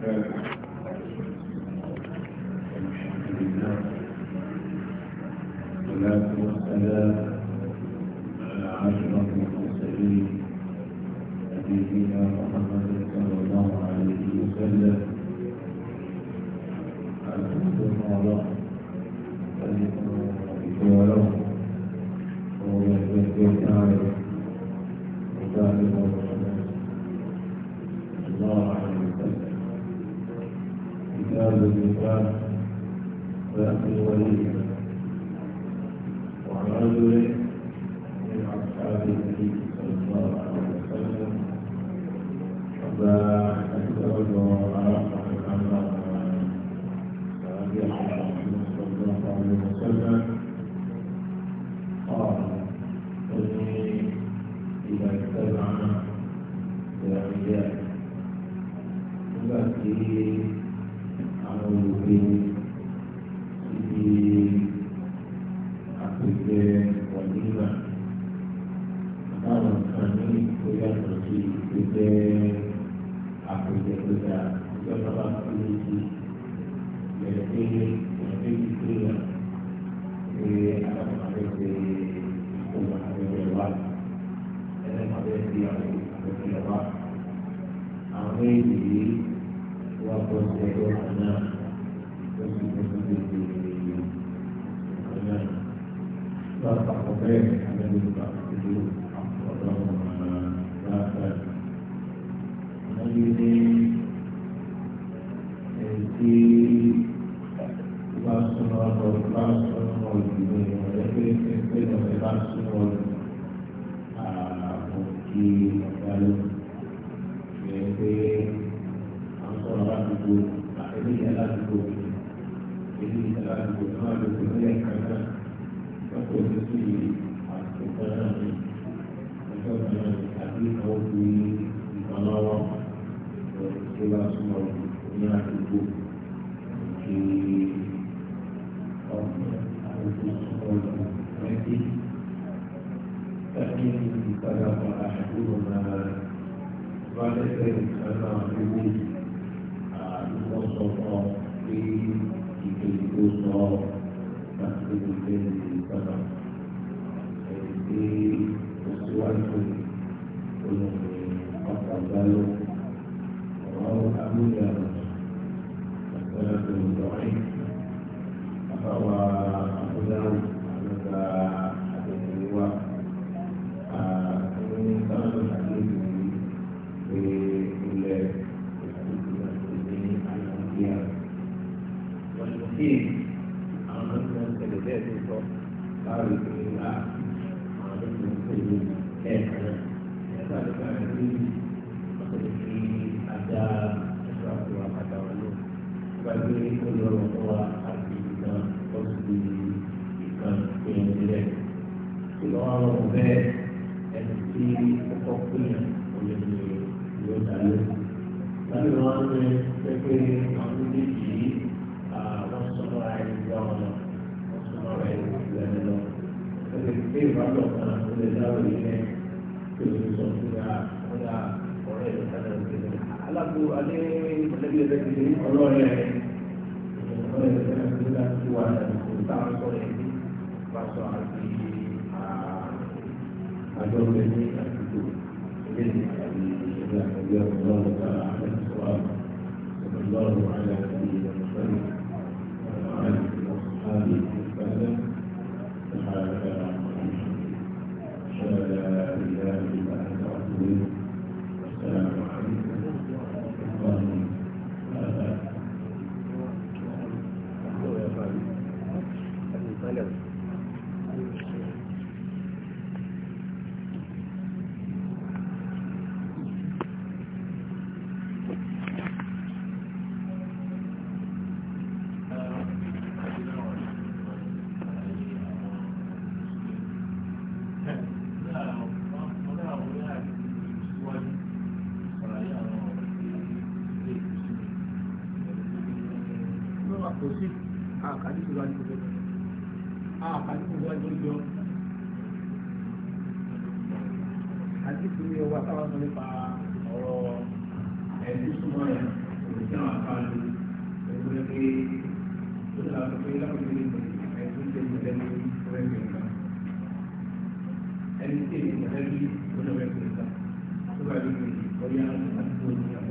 الحمد لله والصلاة nígbà àtàwọn kan ní orí àtọ̀ sí ìgbẹ́ àpèjẹ tó dáa ìjọ bàbá tó lè ti bẹ̀rẹ̀ pé ìrọ̀lẹ́ ti pé yà pé àwọn àgbẹ̀gbẹ̀ ìkọ̀wé àgbẹ̀gbẹ̀ wà ẹ̀rẹ́ àgbẹ̀gbẹ̀ àgbẹ̀gbẹ̀ wà àwọn èyí yìí wà bọ́ sí ẹgbẹ́ kan náà ó sì bọ́ sí gbèsè ìkànnì. فأصبحوا بين حمل الوجود وضرهما ذاتا ونجد في باسم والباسم والبيت بين الباسم والبيت tó bá súnmọ́ ní àdúgbò kí ọ̀pọ̀ àdúgbò súnmọ́ lọ rẹ́dí. Láti ìpadà pa àdúgbò náà bá lẹ́sẹ̀ nǹkan náà lówó àdúgbò sọ fún ọ pé ìgbèríko láti lè fẹ́ ìpadà tí àwọn ọmọ ìṣẹ̀lẹ̀ bẹ́ẹ̀ tó sọ báwo ni kò ní bá àwọn ọmọ ìṣẹ̀lẹ̀ ẹ̀ẹ̀kan ẹ̀ka nípa ẹ̀rí ọ̀sẹ̀ tí a dá ẹ̀ka àti wà padà wọn lọ. Nígbà tí ó lọ rọ̀ fún wa àti ìgbà ọ̀sùn ìgbà ìpínlẹ̀ rẹ̀. Ìgbà wọn rọ̀ bẹ́ẹ̀ ẹni tí ọkọ̀ pínyà olè ní ìlú ọ̀dà lọ. Láti wọn ní pẹ́pẹ́ àwọn méjèèjì yìí wọ́n sọ̀rọ̀ ayé ìgbà wọn lọ wọ́n sọ̀rọ̀ ayé ìgbà wọn lọ. ó lè gbé ìbálò kan ó lè dáwọ́ ilé tó lè sọ fún ya ó yà ọ̀rẹ́ ìlú kálẹ̀ òkèlè. alákó alẹ́ mọ̀lẹ́bí ẹgbẹ́ ti di ọlọ́ọ̀rẹ́ rẹ̀ ọlọ́ọ̀rẹ́ rẹ̀ fẹ́ràn tó dá sí wa kò tá a sọ rẹ̀ ní pásọ àti àjọ rẹ̀ ní àdúgbò ilé ìgbàlódé ìṣẹ̀lẹ̀ àgbẹ̀wò ọlọ́ọ̀rẹ́ àti ìpínlẹ̀ owó àtàwọn sọ nípa ọ̀rọ̀ ẹ̀dí súnmọ́ ẹ̀ òbí tí àwọn afá lu ẹgbẹ́ lẹ́gbẹ́ tó dára tó pé láwùjọ ní ẹ̀dí tó ń tẹ̀lé lẹ́nu rẹ̀gbẹ̀ nǹkan ẹni tí èmi tẹ̀lé lórí ó lọ́wọ́ ẹgbẹ́ tó bá lórí ọ̀yà àti tó ní àwọn.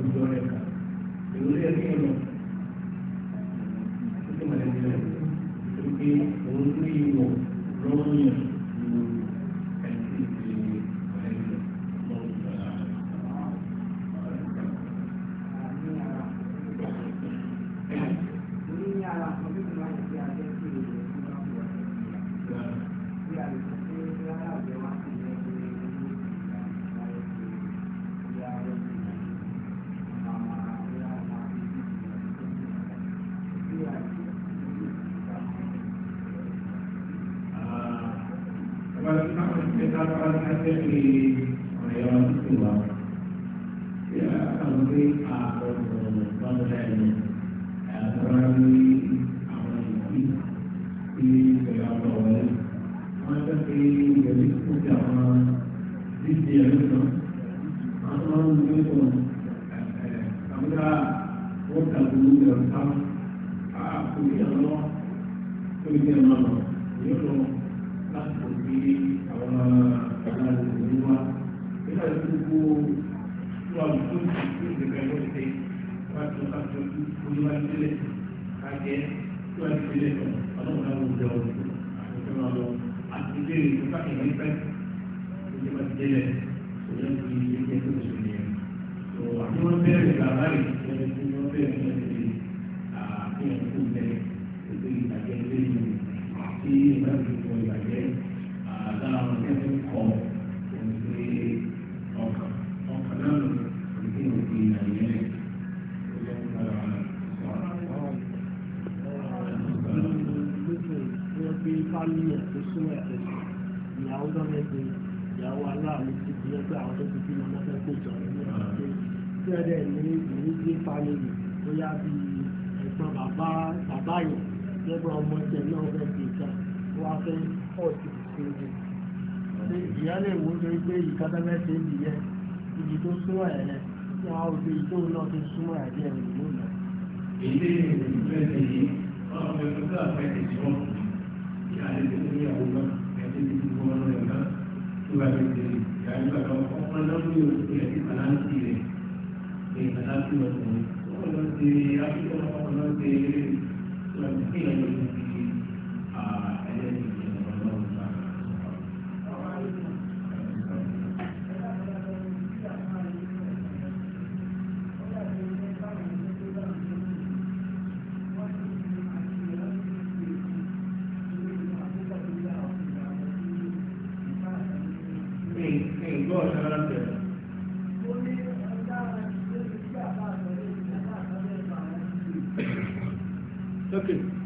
orí àwọn ọ̀nà ẹ̀mí àwọn orí àwọn ìdí tí ìṣẹ̀lẹ̀ ọ̀rọ̀ wọlé. Wọ́n fẹ́ pé ìrẹ̀lẹ̀ kó ti àwọn dídì ẹ̀rọ náà. Àwọn máa ń gbé wọn àbúrà wọ́n tàbí ìrẹ̀lẹ̀ ká àkórí ẹ̀rọ tó ń jẹ́ ọmọ náà. sílẹ̀ kájẹ́ tó ẹ sílẹ̀ lọ ọlọ́run náà wọ́n ọ̀rọ̀ àti ọ̀rọ̀ lọ àti ìbéèrè tó káàkiri ní pẹ́ ìdí bá ti délẹ̀ kò yẹ kí ilé tó ti sùn yẹn. tó àti wọn bẹ̀rẹ̀ bàbá rẹ̀ ẹni tí wọ́n bẹ̀rẹ̀ ní ẹ̀sìn àfihàn tó bẹ̀rẹ̀ ètò ìbàjẹ́ lẹ́yìn àti ìbáṣepọ̀ ìbàjẹ́ àdáhùn ẹ̀sìn wálé ẹ̀sìn súnmọ́ ẹ̀sìn ìyàwó dọ́mẹ́sìn ìyàwó aláàmì ti di ẹgbẹ́ àwọn tó ti bí ọmọ fẹ́ kó jọ nínú ọ̀sẹ̀ tí ẹ̀dẹ̀ ní ìlú gbé fámìlì tó yá bí ẹ̀gbọ́n bàbá bàbá yẹn lẹ́gbọ́n ọmọ ẹ̀sẹ̀ náà fẹ́ fi kan wá fẹ́ ọ̀sì ìṣèlú. ìyá lè wo lórí pé ń bìyẹn ibi tó súnmọ́ ẹ̀rẹ́ tí àwọn òbí tó náà ti súnmọ́ ẹ̀rẹ́ ìlú náà. èyí ni ìgbésẹ̀ yìí ọ̀pọ̀ ìgbésẹ̀ يعني الدنيا أولا يأتي بكم ولا يبقى سواء بالدين يعني بقى وقال لم يأتي كلام سيرة أي كلام سيرة وقال سيرة يأتي وقال سيرة وقال سيرة Okay.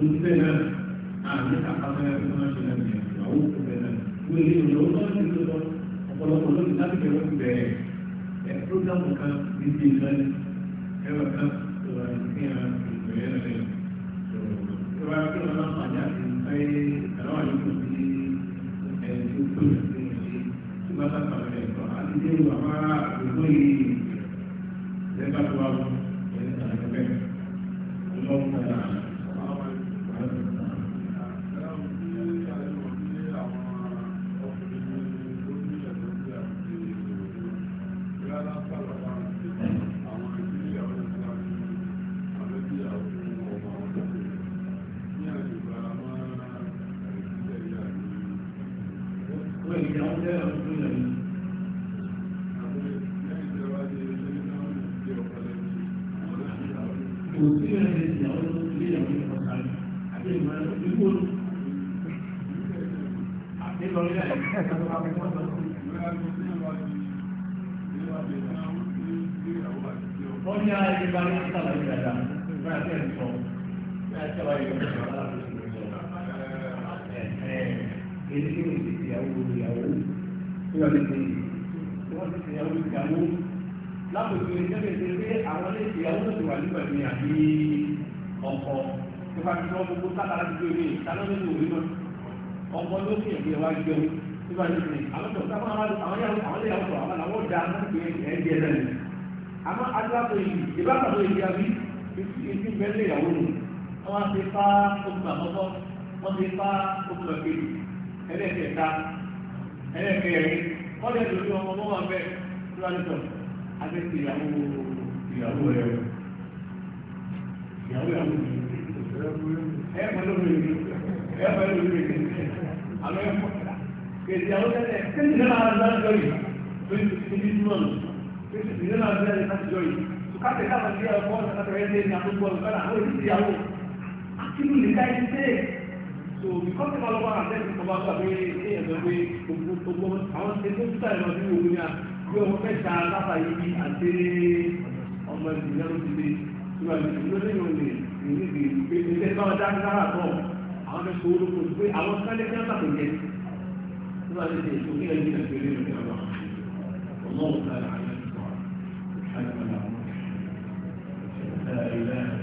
lóṣìṣẹ́ náà àti àkàtúnyà tó máa ṣe náà ìyàwó kò bẹ̀rẹ̀ náà wọ́n èyí ìyàwó máa ń ṣe lọ́wọ́ ọ̀pọ̀lọpọ̀ lóṣìṣẹ́ láti bẹ̀rẹ̀ wọ́n bẹ̀rẹ̀ ẹ̀ prógámù kan ní ti ìlànà ẹ̀rọ kan tó wà ní kí á ìgbẹ̀rẹ̀ rẹ̀ tó wà kí wọ́n máa pàdé àti ìfẹ́ àlọ́wà yóò tó ti ẹ̀ tó tó yẹ kí wọ́n ṣe tí wọ́n bá kò sí ẹ̀rẹ́ ìyàwó ilé ìyàwó ìfọ̀sà rẹ̀ àti ìmọ̀ ẹ̀rọ ìgbó àti ìlọrí àìsàn wọ́n ní ààrẹ ìgbà ní sàlàyé dada ìgbà tí ẹ̀ ń sọ bí a ṣe wáyé ìgbà tí wọ́n èyí tí wọ́n ti ṣe ìyàwó ìyàwó tí wọ́n ti ṣe ìyàwó ìyàwó lápòtò ìjẹ́bẹ̀ ṣe pé àwọn ilé ìyàwó tó ti wà nígbà ní àbí ọkọ̀ tó bá ti wọ́n gbogbo sábà láti gbé orí ìtàlọ́ nínú òwe náà ọkọ̀ ló sì ẹ̀gbẹ́ wá jẹun tó bá ti sìn àwọn tó sábà wọn àwọn yàwó àwọn yàwó tó àwọn àwọn ọ̀dà wọn pé ẹ̀jẹ̀ rẹ̀ ni àmọ́ adúlápò yìí ìbáraàbò yìí àbí ìfi bẹ́lẹ̀ ìyàwó nù wọ́n ti fa ogun abẹ́tí ìyàwó ìyàwó rẹ̀ ìyàwó ìyàwó rẹ̀ ẹ̀ẹ́dẹ́gbẹ̀rún ẹ̀ẹ́dẹ́gbẹ̀rún ẹ̀ẹ́dẹ́gbẹ̀rún àlọ́ ẹ̀fọ́ kèdè àwọn tẹ́lẹ̀ kéde náà lájọ́ yìí lórí ìdí mọ́ kéde ìdí náà lájọ́ yìí káfẹ́ káfẹ́ sí ọkọ̀ ọ̀sán ẹ̀ẹ́dẹ́ ní àkókò ọ̀sán àwọn ìdíyàwó akínú nìka ẹ̀ ṣe so because of all of our attention to our family ẹ̀yẹ̀ lọ pé gbogbo àwọn ẹgbẹ́ òkúta ìlọ́dún òun ni a bí ọmọ mẹ́ta lábà yìí àti ọmọ ìdílé ló ti dé ìwà ìdílé lónìí òní ìdílé ìdílé pé ilé bá wọn dáná sára bọ̀ àwọn ẹ̀kọ́ olóko pé àwọn sáré ní ọ̀sà tó jẹ nígbà tí ìdílé tó kílẹ̀ ní ẹ̀sìn ilé ìdílé ọ̀la ọmọ òun sára àyà ti sọ̀rọ̀ àyà ti sọ̀rọ̀